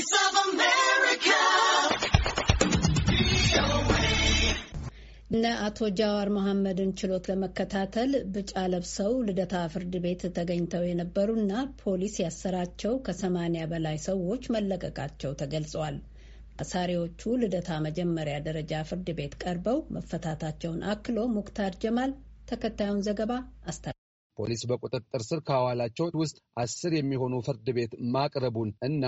Voice of America. እነ አቶ ጃዋር መሐመድን ችሎት ለመከታተል ብጫ ለብሰው ልደታ ፍርድ ቤት ተገኝተው የነበሩና ፖሊስ ያሰራቸው ከሰማኒያ በላይ ሰዎች መለቀቃቸው ተገልጿል። አሳሪዎቹ ልደታ መጀመሪያ ደረጃ ፍርድ ቤት ቀርበው መፈታታቸውን አክሎ ሙክታር ጀማል ተከታዩን ዘገባ አስታ ፖሊስ በቁጥጥር ስር ካዋላቸው ውስጥ አስር የሚሆኑ ፍርድ ቤት ማቅረቡን እና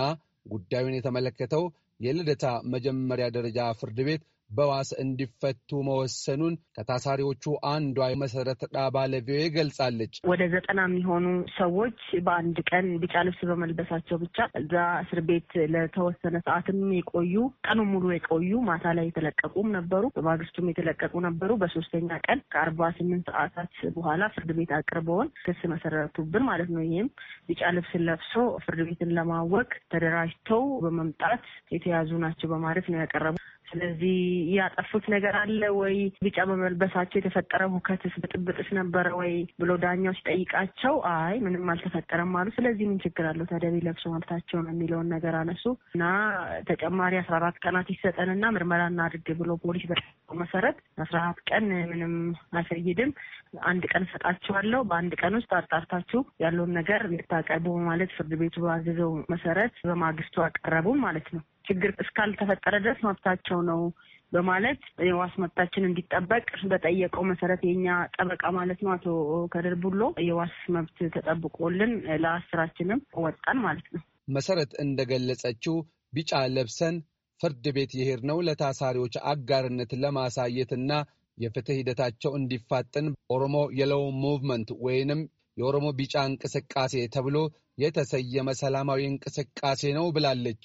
ጉዳዩን የተመለከተው የልደታ መጀመሪያ ደረጃ ፍርድ ቤት በዋስ እንዲፈቱ መወሰኑን ከታሳሪዎቹ አንዷ የመሰረት ዳ ባለቪኦኤ ገልጻለች። ወደ ዘጠና የሚሆኑ ሰዎች በአንድ ቀን ቢጫ ልብስ በመልበሳቸው ብቻ እዛ እስር ቤት ለተወሰነ ሰዓትም የቆዩ ቀኑ ሙሉ የቆዩ ማታ ላይ የተለቀቁም ነበሩ፣ በማግስቱም የተለቀቁ ነበሩ። በሶስተኛ ቀን ከአርባ ስምንት ሰዓታት በኋላ ፍርድ ቤት አቅርበውን ክስ መሰረቱብን ማለት ነው። ይህም ቢጫ ልብስ ለብሶ ፍርድ ቤትን ለማወቅ ተደራጅተው በመምጣት የተያዙ ናቸው በማለት ነው ያቀረቡ ስለዚህ ያጠፉት ነገር አለ ወይ? ቢጫ በመልበሳቸው የተፈጠረ ሁከትስ ብጥብጥስ ነበረ ወይ ብሎ ዳኛው ሲጠይቃቸው አይ ምንም አልተፈጠረም አሉ። ስለዚህ ምን ችግር አለው ተደቢ ለብሶ መብታቸው ነው የሚለውን ነገር አነሱ እና ተጨማሪ አስራ አራት ቀናት ይሰጠንና ምርመራ እናድርግ ብሎ ፖሊስ በጠየቀው መሰረት አስራ አራት ቀን ምንም አይፈይድም፣ አንድ ቀን እሰጣችኋለሁ፣ በአንድ ቀን ውስጥ አጣርታችሁ ያለውን ነገር እንድታቀርቡ ማለት ፍርድ ቤቱ ባዘዘው መሰረት በማግስቱ አቀረቡ ማለት ነው። ችግር እስካልተፈጠረ ድረስ መብታቸው ነው በማለት የዋስ መብታችን እንዲጠበቅ በጠየቀው መሰረት የኛ ጠበቃ ማለት ነው አቶ ከድር ቡሎ የዋስ መብት ተጠብቆልን ለአስራችንም ወጣን ማለት ነው። መሰረት እንደገለጸችው ቢጫ ለብሰን ፍርድ ቤት የሄድነው ለታሳሪዎች አጋርነት ለማሳየትና የፍትህ ሂደታቸው እንዲፋጥን ኦሮሞ የለው ሙቭመንት ወይንም የኦሮሞ ቢጫ እንቅስቃሴ ተብሎ የተሰየመ ሰላማዊ እንቅስቃሴ ነው ብላለች።